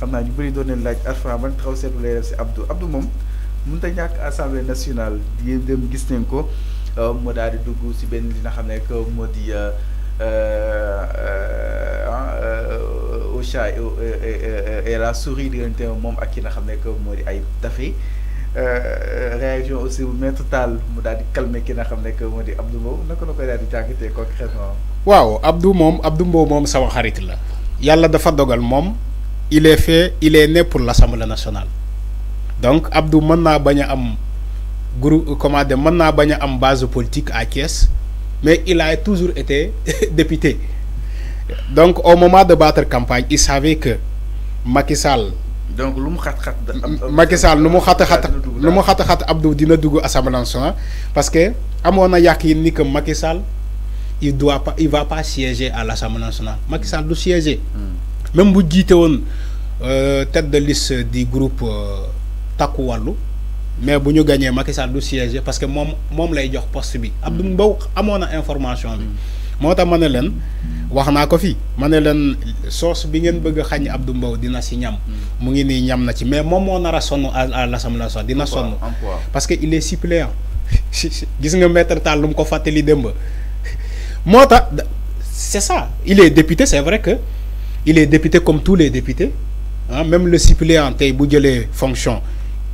xamna ñu bari doone laaj Arfan ban taxaw seetlu lay def ci Abdou Abdou mom mënut a ñàkk assemblée nationale di dem gis nañ ko mo daal di dugg si benn li nga xam ne que euh euh au chat et la souris diggante moom ak ki nga xam ne que moo di ay réaction aussi bu maître Tall mu daal di calmer ki nga xamne ko modi Abdou mom naka la koy daal di jàngatee concrètement. waaw Abdou mom Abdou mom sama xarit la yàlla dafa dogal mom il est fait il est né pour l'Assemblée nationale donc Abdou Manna naa a am groupe comment en am base politique à Kies, mais il a toujours été député donc au moment de battre campagne il savait que Macky Sall. donc Macky Sall le mu xat-xat le Abdou dina dugg Assemblée nationale parce que amoon na ni que Macky Sall il doit pas il va pas siéger à l'Assemblée nationale Macky Sall doit siéger. Hmm. même bu euh, tête de liste du groupe euh, Takku Wallu mais bu ñu gagné Macky Sall du siéger parce que moom moom lay jox poste bi. Abdou mm. Mbow amoon na information bi. Mm. moo tax ma ne leen wax naa ko fii ma ne bi ngeen bëgg a xañ Abdou Mbow dina si ñam. Mm. mu ngi nii ñam na ci mais moom moo nar a sonn à à l'Assemblée dina sonn. parce que il est suppléant gis nga maître Tall lu mu ko fàttali démb. moo c'est ça il est député c'est vrai que il est député comme tous les députés. Hein, même le suppléant tey bu fonction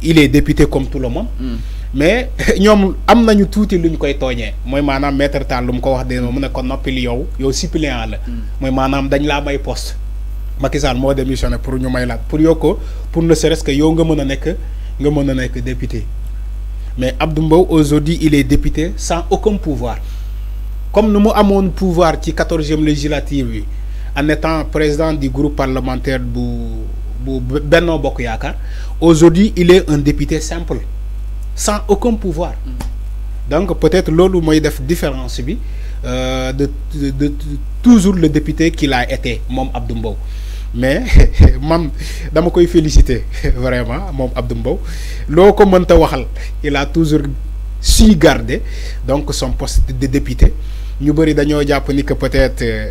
il est député comme tout le monde. Mm. mais ñom les nañu qui lu koy togné suis manam maître Tall lu ko wax de mu ne ko nopil yow yow suppléant la. moy mm. manam dañ la may poste. Macky Sall moo démissionné pour ñu may la pour yoko pour ne serait-ce que yow nga mëna nek nga mëna député mais Abdou Mbow aujourd'hui il est député sans aucun pouvoir comme nous avons le pouvoir ci 14 législative législatif, en étant président du groupe parlementaire bu aujourd'hui, il est un député simple, sans aucun pouvoir. Mm. Donc, peut-être que moy def différence, euh, de, de, toujours le député qu'il a été, Mom Abdoumbo. Mais, man, dama koy féliciter, vraiment, Mom Abdoumbo. Loko il a toujours su garder donc, son poste de député. Nous avons dit que peut-être, euh,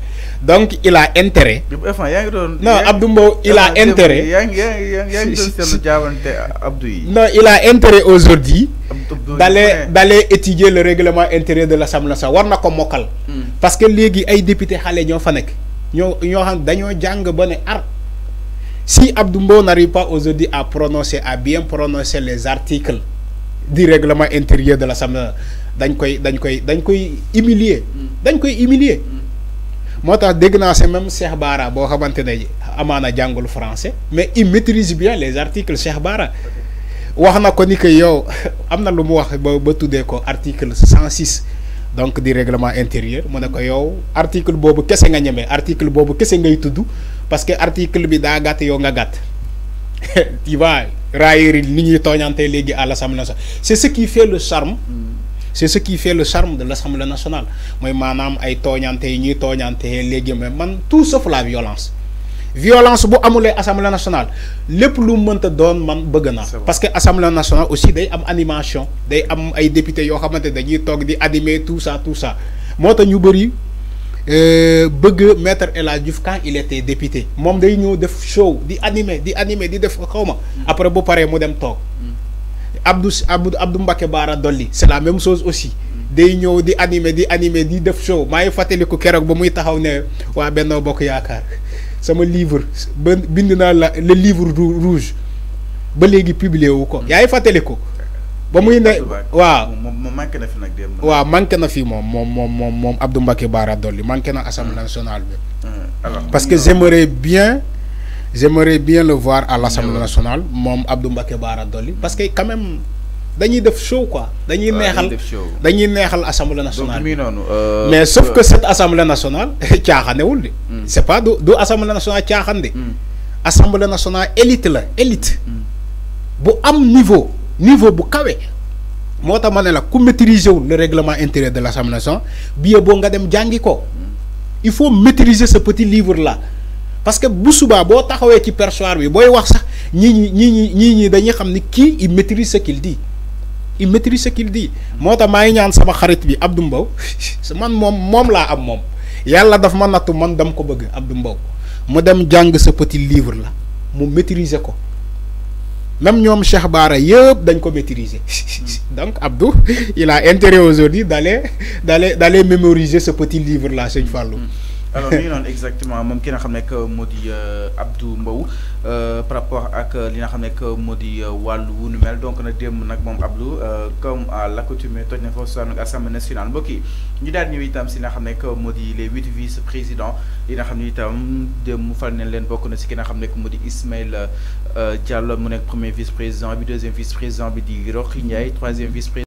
donc il a intérêt. non Abdou il a intérêt. non il a intérêt aujourd'hui d'aller d'aller étudier le règlement intérieur de l'Assemblée nationale hmm. parce que légui ay député xalé ño fa nek ño y xam ba si Abdou n'arrive pas aujourd'hui à prononcer à bien prononcer les articles du règlement intérieur de l'Assemblée dañ koy dañ koy dañ koy humilier. Hmm. dañ koy humilier. Hmm. Moi, tax dégg c'est même Cheikh Bara boo xamante ne amana jàngul français mais il maîtrise bien les articles Cheikh Bara wax na ko ni que yow amna le lu mu wax ba ba ko article 106 donc règlements règlement intérieur mu ne ko yow article bobu kessé nga ñemee article Bobu kese ngay tudd parce que article bi da gàtt yow nga gatt tu vois raillerie ni ñi toñanté légui à l'Assemblée c'est ce qui fait le charme mm c'est ce qui fait le charme de l'Assemblée nationale mooy maanaam ay tooñante ñi ñuy tooñante mais man tout sauf la violence violence bu amulé assemblée nationale lépp lu mënta doon man bëgg na parce que assemblée nationale aussi day am animation day am ay députés yo xamanté dañuy toog di animer tout ça tout ça Moi, ñu bëri euh, bëgg maître El Diouf quand il était député Mom day ñëw def show di animer di animer di def mm. après bu paré mu dem tok. Abdou Abdou Abdou Mbacké Baara Dolli c'est la même chose aussi day ñëw di animer di animer di def show maa ngi fàttaliku keroog ba muy taxaw ne waa Benno Bokk Yaakaar sama livre ba bind naa le livre rouge ba léegi publié wu ko. yaa ngi fàttaliku. ba muy ne waaw moom manqué na fi nag dem waaw manqué na fi moom moom moom moom moom Abdou Mbacké Baara Dolli manqué na assemblée ah. nationale bi. Ah. parce que j'aimerais bien j'aimerais bien le voir à l'Assemblée nationale Mme Abdou Mbake parce que quand même Il def show quoi. choses. Il y neexal l'Assemblée nationale. Euh, mais sauf que cette assemblée nationale caaxaanewul de. Hmm. c'est pas du assemblée nationale caaxaan de. Hmm. assemblée nationale élite là, élite. Hmm. bu am niveau niveau bu Moi, moo ku maîtriser le règlement intérieur de l'Assemblée nationale bien nga dem il faut maîtriser ce petit livre là parce que Boussouba, bo taxawé ci perchoir bi boy wax sax ñi ñi ñi ñi dañuy qui il maîtrise ce qu'il dit il maîtrise ce qu'il dit Moi, tax ñaan sama xarit bi Abdou Mbow man mom mom la am daf ma natou man dam ko bëgg Abdou mu dem ce petit livre là, mu maîtriser ko même Cheikh Bara dañ ko maîtriser donc Abdou il a intérêt aujourd'hui d'aller d'aller d'aller mémoriser ce petit livre là cheikh Fallou alors ñu ngi exactement mom ki nga xamné que modi di euh, Abdou Mbow euh, par rapport ak euh, li nga xamné que modi di wàllu wu mel donc na dem nak mom Abdou euh comme à l'accoutumé toj na fa soxna assemblée nationale bokki yi ñu daal ñëw itam si nga xamné que modi les huit vice présidents yi nga xam ne itam démb fal nañ leen bokku na si ki nga xamné que modi di Ismaël Diallo mu nek premier vice président bi deuxième vice président bi di Roqi Ndiaye troisième vice président.